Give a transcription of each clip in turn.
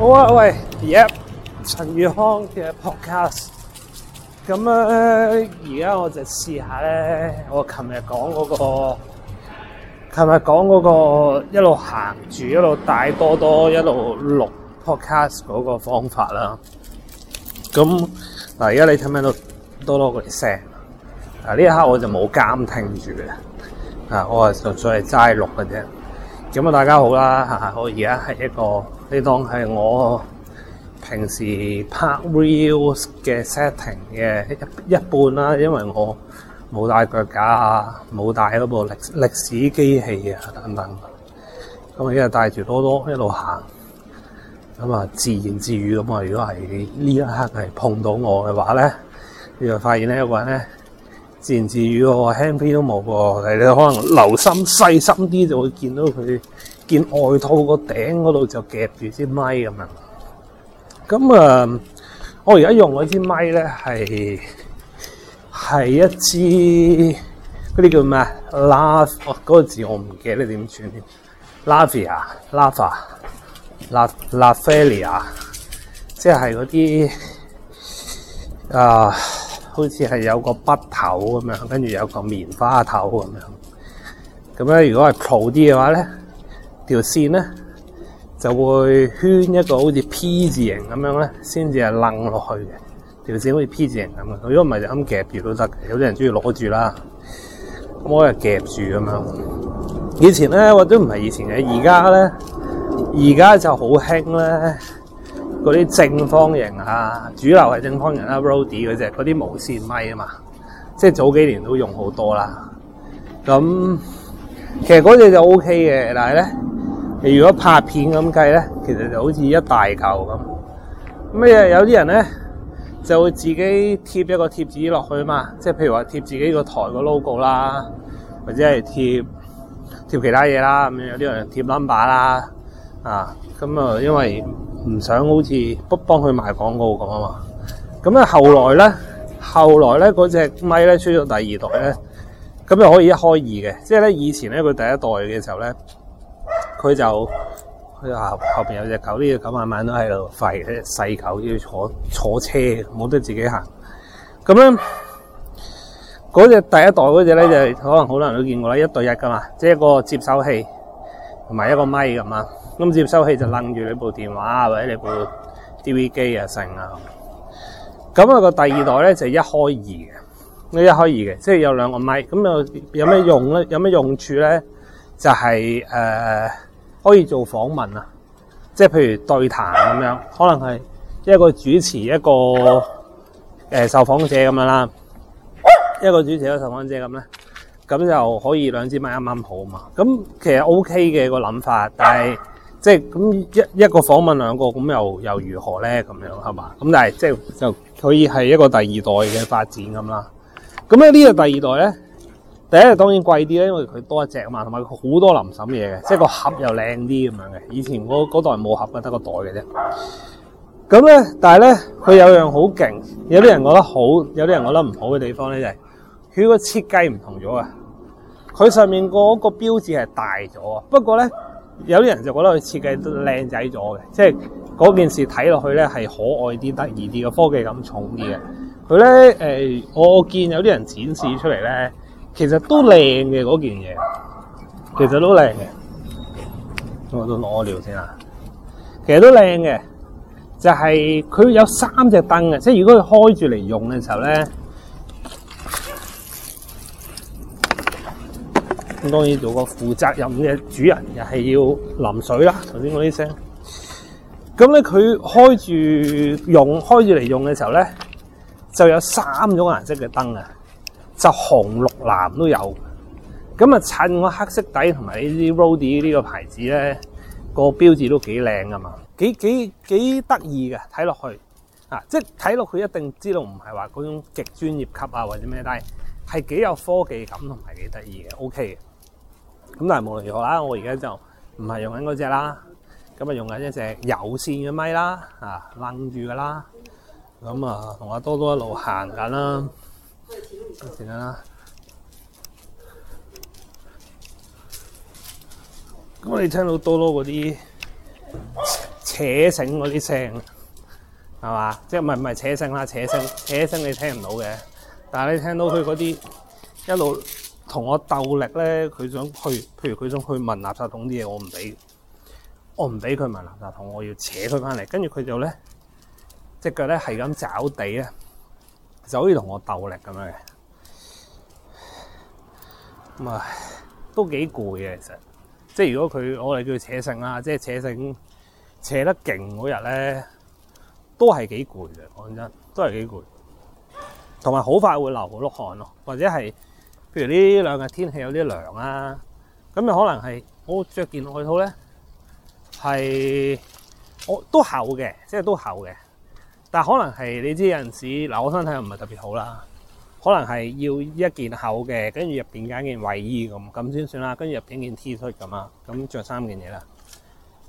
好啊，oh, 喂，Yep，陳宇康嘅 podcast，咁咧而家我就試下咧，我琴日講嗰個，琴日講嗰個一路行住一路帶多多一路錄 podcast 嗰個方法啦。咁嗱，而家你聽唔聽到多多嗰啲聲？啊，呢一刻我就冇監聽住嘅，啊，我啊純粹係齋錄嘅啫。咁啊，大家好啦，吓我而家係一個。你當係我平時拍 reels 嘅 setting 嘅一一半啦，因為我冇帶腳架啊，冇帶嗰部歷歷史機器啊等等。咁啊，一日帶住多多一路行，咁啊自言自語咁啊。如果係呢一刻係碰到我嘅話咧，你就發現呢一個人咧，自言自語，我 Lav 咪都冇喎。係，你可能留心細心啲就會見到佢。件外套個頂嗰度就夾住支咪咁樣，咁啊，我而家用嗰支咪咧係係一支嗰啲叫咩 Lav 哦嗰，那個字我唔記得點轉，Lavia、Lava、La Laferia，即係嗰啲啊，好似係有個筆頭咁樣，跟住有個棉花頭咁樣。咁咧，如果係 Pro 啲嘅話咧。條線咧就會圈一個好似 P 字形咁樣咧，先至係擰落去嘅。條線好似 P 字形咁樣，如果唔係就咁夾住都得。然有啲人中意攞住啦，咁我係夾住咁樣。以前咧我都唔係以前嘅，而家咧而家就好興咧嗰啲正方形啊，主流係正方形啦，啊，Rody 嗰隻嗰啲無線咪啊嘛，即係早幾年都用好多啦。咁其實嗰隻就 OK 嘅，但係咧。你如果拍片咁計咧，其實就好似一大嚿咁。咁嘢有啲人咧就會自己貼一個貼紙落去啊嘛，即係譬如話貼自己個台個 logo 啦，或者係貼貼其他嘢啦咁有啲人貼 number 啦，啊咁啊，因為唔想好似不幫佢賣廣告咁啊嘛。咁啊，後來咧，後來咧嗰隻咪咧出咗第二代咧，咁又可以一開二嘅，即係咧以前咧佢第一代嘅時候咧。佢就佢後後邊有隻狗，呢隻狗慢慢都喺度吠，啲細狗要坐坐車，冇得自己行。咁咧，嗰隻第一代嗰隻咧就係可能好多人都見過啦，一對一噶嘛，即係一個接收器同埋一個咪咁啊。咁接收器就楞住你部電話或者你部 D V 機啊成啊。咁、那、啊個第二代咧就是、一開二嘅，一開二嘅，即係有兩個咪。咁啊有咩用咧？有咩用,用處咧？就係、是、誒。呃可以做訪問啊，即係譬如對談咁樣，可能係一個主持一個誒受訪者咁樣啦，一個主持一個受訪者咁咧，咁就可以兩支咪，啱啱好啊嘛。咁其實 OK 嘅個諗法，但係即係咁一一個訪問兩個咁又又如何咧？咁樣係嘛？咁但係即係就可以係一個第二代嘅發展咁啦。咁咧，呢個第二代咧？第一，當然貴啲咧，因為佢多一隻嘛，同埋佢好多林審嘢嘅，即係個盒又靚啲咁樣嘅。以前嗰嗰袋冇盒嘅，得個袋嘅啫。咁咧，但係咧，佢有樣好勁，有啲人覺得好，有啲人覺得唔好嘅地方咧就係佢個設計唔同咗啊。佢上面嗰個標誌係大咗啊。不過咧，有啲人就覺得佢設計都靚仔咗嘅，即係嗰件事睇落去咧係可愛啲、得意啲嘅科技感重啲嘅。佢咧、呃、我見有啲人展示出嚟咧。其實都靚嘅嗰件嘢，其實都靚嘅。我都攞料先啦，其實都靚嘅，就係佢有三隻燈嘅，即係如果佢開住嚟用嘅時候咧，當然做個負責任嘅主人，又係要淋水啦。頭先嗰啲聲，咁咧佢開住用，開住嚟用嘅時候咧，就有三種顏色嘅燈啊。就紅、綠、藍都有，咁啊趁我黑色底同埋呢啲 RODE a 呢個牌子咧，個標誌都幾靚噶嘛，幾幾幾得意嘅，睇落去啊，即係睇落去一定知道唔係話嗰種極專業級啊或者咩，但係係幾有科技感同埋幾得意嘅，OK 嘅。咁但係無奈如何啦，我而家就唔係用緊嗰隻啦，咁啊用緊一隻有線嘅咪啦，啊楞住噶啦，咁啊同阿多多一路行緊啦。咁你聽到多咯嗰啲扯繩嗰啲聲，係嘛？即係唔係唔係扯繩啦？扯繩扯繩，你聽唔到嘅。但係你聽到佢嗰啲一路同我鬥力咧，佢想去，譬如佢想去問垃圾桶啲嘢，我唔俾，我唔俾佢問垃圾桶，我要扯佢翻嚟。跟住佢就咧隻腳咧係咁爪地咧，就好似同我鬥力咁樣嘅。咁啊，都幾攰嘅其實，即係如果佢我哋叫佢扯繩啦，即係扯繩扯得勁嗰日咧，都係幾攰嘅，講真，都係幾攰。同埋好快會流好多汗咯，或者係譬如呢兩日天，天氣有啲涼啊，咁又可能係我着件外套咧係我都厚嘅，即係都厚嘅，但係可能係你知有陣時嗱，我身體又唔係特別好啦。可能係要一件厚嘅，跟住入邊揀件衛衣咁，咁先算啦。跟住入邊件 T 恤咁啊，咁着三件嘢啦。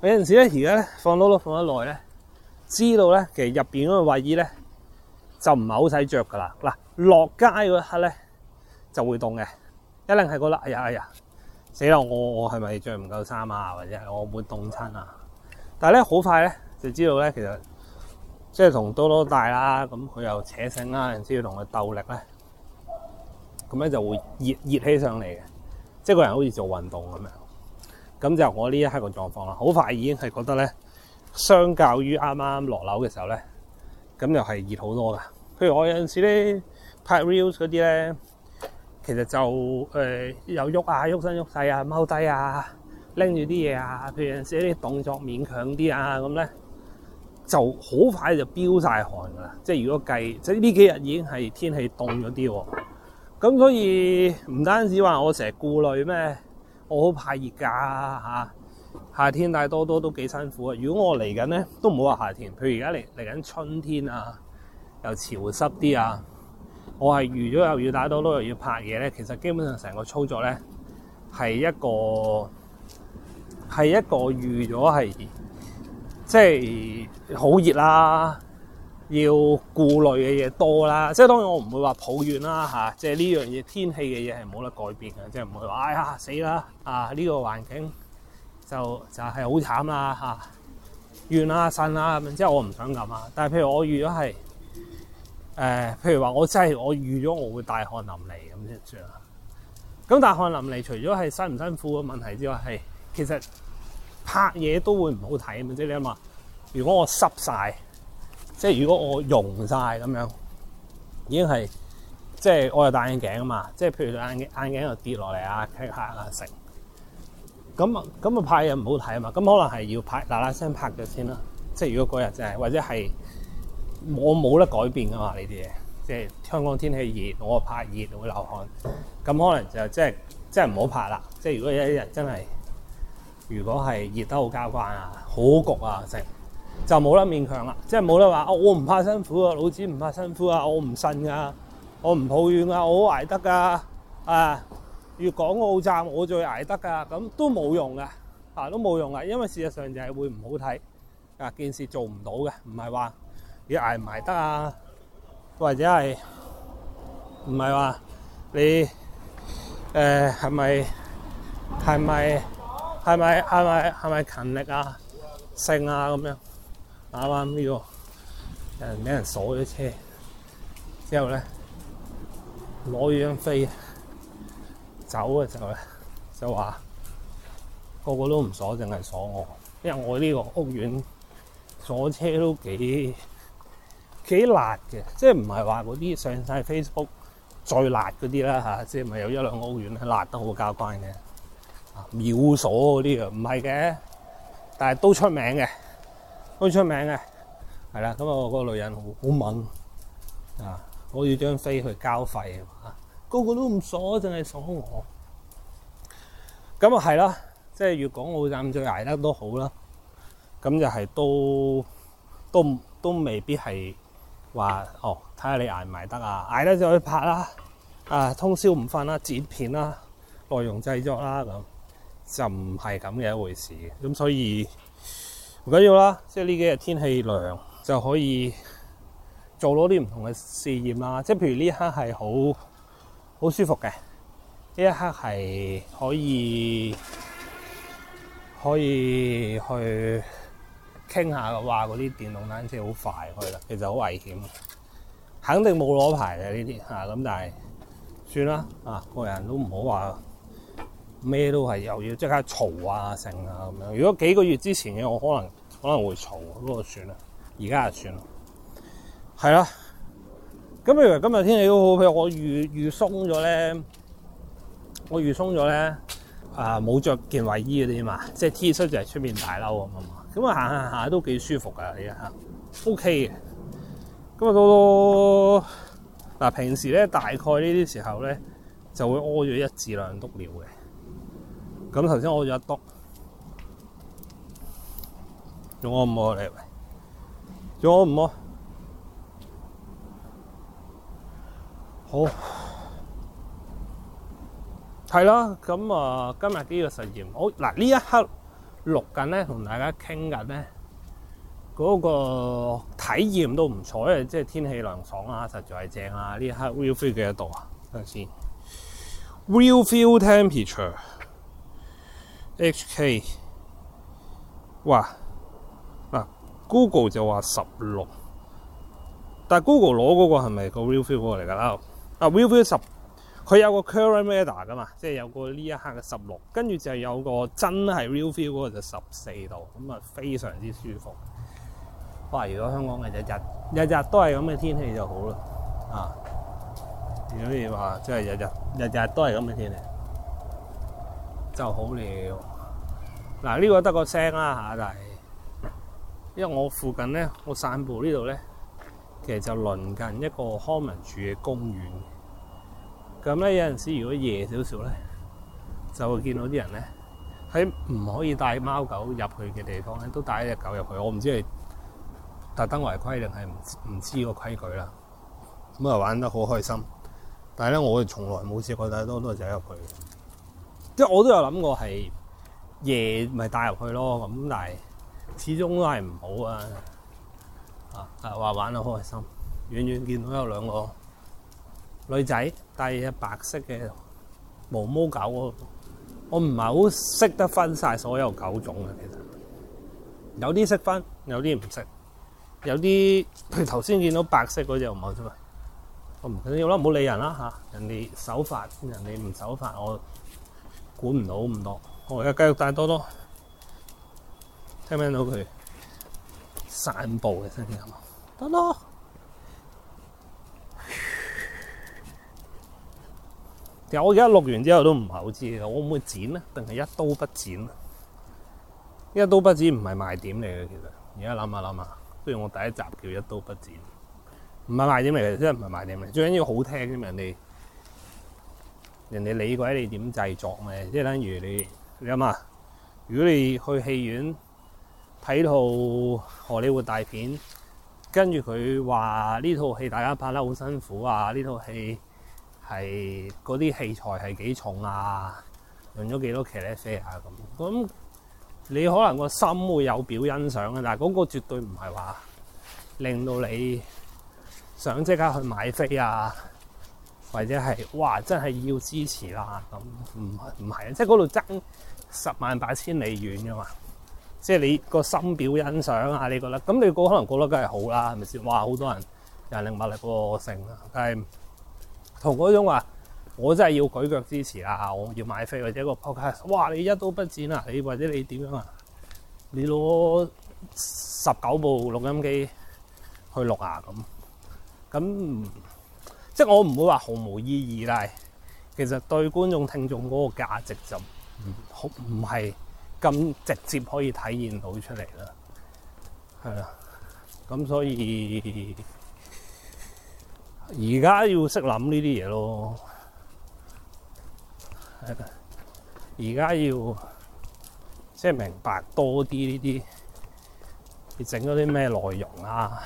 有陣時咧，而家咧放多放多放得耐咧，知道咧其實入邊嗰件衛衣咧就唔係好使着噶啦。嗱，落街嗰一刻咧就會凍嘅，一定係覺得哎呀哎呀，死、哎、啦！我我係咪着唔夠衫啊？或者係我會凍親啊？但係咧好快咧就知道咧，其實即係同多多大啦，咁佢又扯繩啦，然之後同佢鬥力咧。咁咧就會熱熱起上嚟嘅，即係個人好似做運動咁樣。咁就我呢一刻個狀況啦，好快已經係覺得咧，相較於啱啱落樓嘅時候咧，咁又係熱好多噶。譬如我有陣時咧拍 reels 嗰啲咧，其實就誒、呃、有喐啊，喐身喐勢啊，踎低啊，拎住啲嘢啊，譬如有陣時啲動作勉強啲啊，咁咧就好快就飆曬汗噶啦。即係如果計即係呢幾日已經係天氣凍咗啲喎。咁所以唔單止話我成日顧慮咩，我好怕熱㗎吓。夏天帶多多都幾辛苦啊！如果我嚟緊咧，都唔好話夏天，譬如而家嚟嚟緊春天啊，又潮濕啲啊，我係預咗又要帶多多又要拍嘢咧，其實基本上成個操作咧係一個係一個預咗係即係好熱啦、啊。要顧慮嘅嘢多啦，即係當然我唔會話抱怨啦吓、啊，即係呢樣嘢天氣嘅嘢係冇得改變嘅，即係唔會話哎呀死啦啊呢、呢個環境就就係、是、好慘啦吓，怨啊呻啊即係我唔想咁啊。這樣但係譬如我預咗係誒，譬如話我真係我預咗我會大汗淋漓咁先算啦。咁大汗淋漓除咗係辛唔辛苦嘅問題之外，係其實拍嘢都會唔好睇咁，即係你諗下，如果我濕晒。即係如果我溶晒咁樣，已經係即係我又戴眼鏡啊嘛！即係譬如眼鏡眼鏡跌來來來來又跌落嚟啊，劈下啊成咁啊咁啊拍嘢唔好睇啊嘛！咁可能係要拍嗱嗱聲拍嘅先啦。即係如果嗰日就係或者係我冇得改變啊嘛呢啲嘢。即係香港天氣熱，我怕熱會流汗，咁可能就即係即係唔好拍啦。即係 如果有一日真係如果係熱得好,好交關啊，好焗啊成。就冇得勉強啦，即係冇得話我唔怕辛苦啊，老子唔怕辛苦啊，我唔信噶，我唔抱怨啊，我捱得噶、啊，啊，粵港澳站我最捱得噶、啊，咁都冇用噶，吓、啊、都冇用啦，因為事實上就係會唔好睇啊，件事做唔到嘅，唔係話你捱唔捱得啊，或者係唔係話你誒係咪係咪係咪係咪係咪勤力啊，性啊咁樣。打啱呢、這個，誒，俾人鎖咗車，之後咧攞完飛，走嘅時候咧就話個個都唔鎖，淨係鎖我，因為我呢個屋苑鎖車都幾幾辣嘅，即係唔係話嗰啲上晒 Facebook 最辣嗰啲啦吓，即係咪有一兩個屋苑係辣得好交關嘅，秒鎖嗰啲啊，唔係嘅，但係都出名嘅。好出名嘅，係啦。咁啊，嗰個女人好好猛啊！我要張飛去交費啊！個個都唔傻，淨係傻我。咁啊，係啦，即係粵港澳三聚挨得都好啦。咁就係都都都未必係話哦。睇下你挨唔挨得啊，挨得就去拍啦。啊，通宵唔瞓啦，剪片啦，內容製作啦，咁就唔係咁嘅一回事。咁所以。唔緊要啦，即係呢幾日天，天氣涼就可以做到啲唔同嘅試驗啦。即係譬如呢一刻係好好舒服嘅，呢一刻係可以可以去傾下話嗰啲電動單車好快去啦，其實好危險，肯定冇攞牌嘅呢啲吓。咁但係算啦，啊個人都唔好話。咩都係又要即刻嘈啊，成啊咁樣。如果幾個月之前嘅我可能可能會嘈，不過算啦，而家就算啦，係啦。咁譬如今日天氣都好，譬如我預預鬆咗咧，我預鬆咗咧啊，冇着件衞衣嗰啲嘛，即係 T 恤就係出面大褸咁啊嘛。咁啊行行行都幾舒服噶，依家 O K 嘅。咁啊到嗱平時咧，大概呢啲時候咧就會屙咗一至兩篤尿嘅。咁頭先我一多，仲安唔安你？仲安唔安？好，係啦。咁啊，今日呢個實驗，好嗱呢一刻錄緊咧，同大家傾緊咧嗰個體驗都唔錯啊！即係天氣涼爽啊，實在係正啊！呢一刻 real feel 幾多度啊？等先 real feel temperature。HK，哇，Google 就話十六，但係 Google 攞嗰個係咪個 real feel 嗰個嚟噶啦？啊，no，real feel 十，佢有個 current meter 噶嘛，即係有個呢一刻嘅十六，跟住就有個真係 real feel 嗰個就十四度，咁啊非常之舒服。哇！如果香港嘅日日日日都係咁嘅天氣就好啦，啊！如果你話即係日日日日都係咁嘅天氣。就好了。嗱、這、呢個得個聲啦吓，但係因為我附近咧，我散步呢度咧，其實就鄰近一個康文署嘅公園。咁咧有陣時如果夜少少咧，就會見到啲人咧喺唔可以帶貓狗入去嘅地方咧，都帶一隻狗入去。我唔知係特登違規定係唔唔知個規矩啦。咁啊玩得好開心，但係咧我哋從來冇試過帶多多仔入去。即係我也有想都有諗過係夜咪帶入去咯，咁但係始終都係唔好啊！啊，話玩得好開心，遠遠見到有兩個女仔帶隻白色嘅毛毛狗，那個，我唔係好識得分晒所有狗種啊！其實有啲識分，有啲唔識，有啲佢頭先見到白色嗰隻唔好啫嘛？我唔緊要啦，唔好理人啦吓，人哋守法，人哋唔守法我，管唔到咁多，我而家繼續帶多多，聽唔聽到佢散步嘅聲音？多多。其實我而家錄完之後都唔係好知，我會唔會剪啊？定係一刀不剪？一刀不剪唔係賣點嚟嘅，其實而家諗下諗下，雖然我第一集叫一刀不剪，唔係賣點嚟嘅，真係唔係賣點嚟，最緊要好聽嘅人哋。人哋理鬼你點製作咩？即係等於你，你諗下，如果你去戲院睇套荷里活大片，跟住佢話呢套戲大家拍得好辛苦啊，呢套戲係嗰啲器材係幾重啊，用咗幾多茄呢啡啊咁，咁你可能個心會有表欣賞啊，但係嗰個絕對唔係話令到你想即刻去買飛啊。或者係哇，真係要支持啦咁，唔唔係，即係嗰度爭十萬八千里遠噶嘛，即係你個心表欣賞啊，你覺得咁你個可能覺得梗係好啦，係咪先？哇，好多人人力物力過剩，但係同嗰種話，我真係要舉腳支持啊，我要買飛或者個 package 哇，你一刀不剪啊，你或者你點樣啊？你攞十九部錄音機去錄啊咁，咁。即係我唔會話毫無意義啦，但其實對觀眾聽眾嗰個價值就好唔係咁直接可以體現到出嚟啦，係啦，咁所以而家要識諗呢啲嘢咯，係，而家要即係明白多啲呢啲，你整咗啲咩內容啊，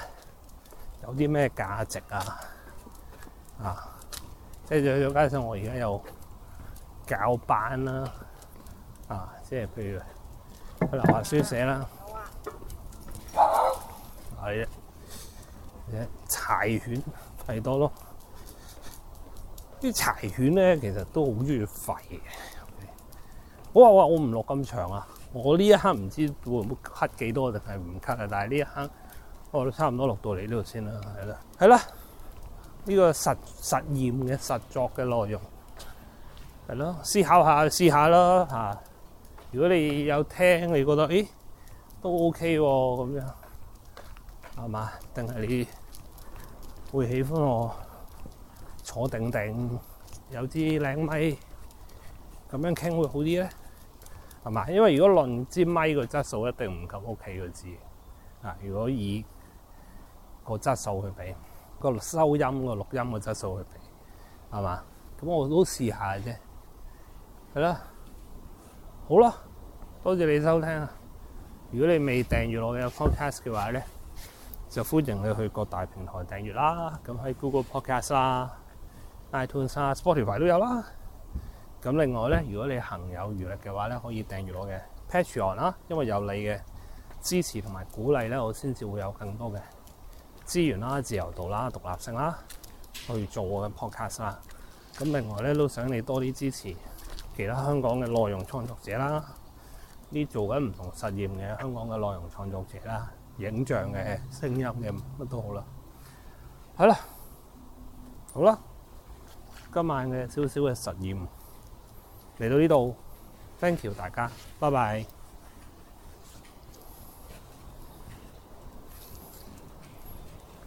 有啲咩價值啊？啊！即係再加上我而家有教班啦、啊啊，啊！即係譬如去樓下書寫啦，係啊，柴犬係多咯。啲柴犬咧，其實都好中意吠。我話我我唔落咁長啊！我呢一刻唔知會唔會 cut 幾多定係唔 cut 啊！但係呢一刻我都差唔多落到嚟呢度先啦，係啦，係啦。呢個實實驗嘅實作嘅內容，係咯，思考下試下咯嚇、啊。如果你有聽，你覺得誒都 OK 喎咁樣，係嘛？定係你會喜歡我坐定定，有啲靚咪，咁樣傾會好啲咧，係嘛？因為如果論支咪個質素，一定唔及屋企嘅支。啊。如果以個質素去比。個收音個錄音嘅質素去比係嘛？咁我都試下啫，係啦，好啦，多謝你收聽啊！如果你未訂閱我嘅 Podcast 嘅話咧，就歡迎你去各大平台訂閱啦。咁喺 Google Podcast 啦、iTunes 啊 Spotify 都有啦。咁另外咧，如果你行有餘力嘅話咧，可以訂閱我嘅 Patreon 啦，啊，因為有你嘅支持同埋鼓勵咧，我先至會有更多嘅。資源啦、自由度啦、獨立性啦，去做我嘅 podcast 啦。咁另外咧，都想你多啲支持其他香港嘅內容創作者啦，呢做緊唔同實驗嘅香港嘅內容創作者啦，影像嘅、聲音嘅乜都好啦。係啦，好啦，今晚嘅少少嘅實驗嚟到呢度，Thank you 大家，拜拜。